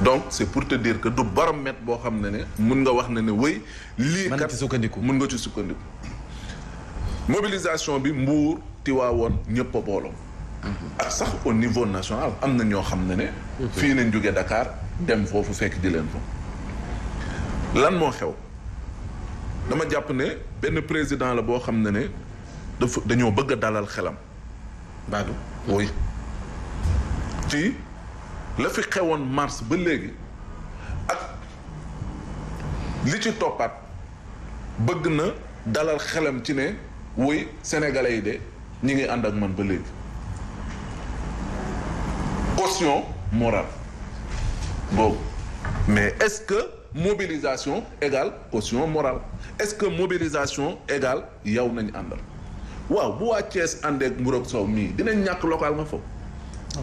donc c'est pour te dire que du baromètre boo xam ne ne mun nga wax ne ne wéy lii kat mën nga ci sukkandiku mobilisation bi Mbuur Tiwaawoon ñëpp a booloo mhm. sax au niveau national am na ñoo xam ne fi fii nañ Dakar dem fofu fekk di len fa lan mo xew dama japp né ben président la bo xamné ne ne dañoo bëgg dalal xelam baadu oui ci la fi xewoon mars ba léegi ak li ci toppaat bëgg na dalal xelam ci ne woy sénégalais yi de ñi ngi ànd ak man ba léegi caution morale boobu mais est-ce que mobilisation égale caution morale est-ce que mobilisation égale yow nañ àndal waaw bu waa Thiès àndeek mburoog soow mii dinañ ñàkk local nga foofu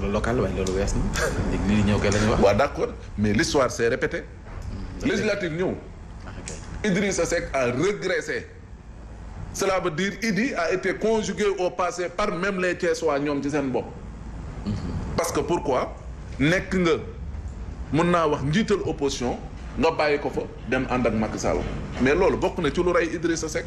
le local waaye le wees na léegi lii ñëw kay la ñuy wax. mais l'histoire s'est répétée. Mm, législative ñëw. Ah, Idrissa Seck a régressé. cela veut dire Idi a été conjugué au passé par même les tiers soignants ci seen mm-hmm. parce que pourquoi Nek nga mën wax njital opposition nga bàyyi ko fa dem ànd ak Macky Sall mais lolu bokku na ci lu ray Idrissa Seck.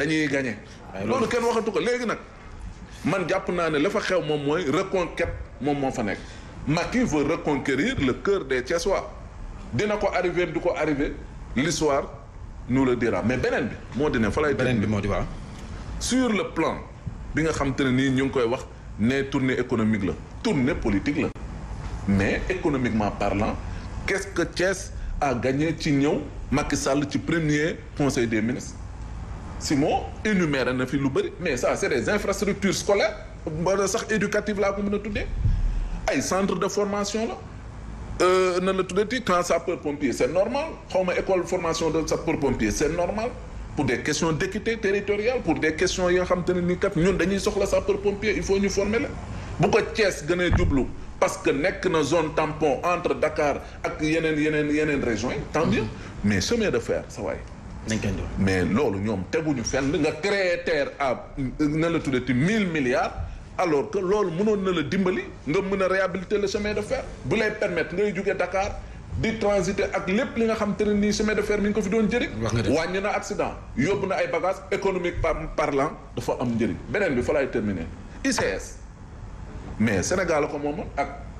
dañuy gagner lolu ken waxatu ko légui nak man japp naa ne la fa xew mom moy reconquête mom mo fa nek Macky veut reconquérir le cœur des Thiessois dina ko arrivé du ko arrivé l'histoire nous le dira mais benen bi mo di ne fa lay. beneen bi mo di sur le plan bi nga xam tane ni ñu ngi koy wax né tournée économique la tournée politique la mais économiquement parlant qu'est-ce que Thiès a gagné ci ñew Macky Sall ci premier conseil des ministres. Simon énumère na fi lu mais ça c'est des infrastructures scolaires éducatives laa ko mën a Les centres de formation Nous na disons, tuddati quand sapeur pompier c'est normal a une école formation de sapeur pompier c'est normal pour des questions d'équité territoriale pour des questions il xam il faut ñu former la bu ko les parce que nekk na zone tampon entre Dakar ak une région. yeneen régions yi tant mieux mm-hmm. mais mieux de faire, ça va mais loolu ñoom teguñu fenn nga créer terre à na la tuddati mille milliards alors que loolu mënoon na la dimbali nga mën a réhabiliter le chemin de fer bu lay permettre ngay jóge Dakar di transiter ak lépp li nga xam te ne nii de fer mi ngi ko fi doon jëriñ wàññi na accident yóbbu na ay bagages économique par parlant dafa am njëriñ beneen bi fa lay terminer ICS mais Sénégal ko moom ak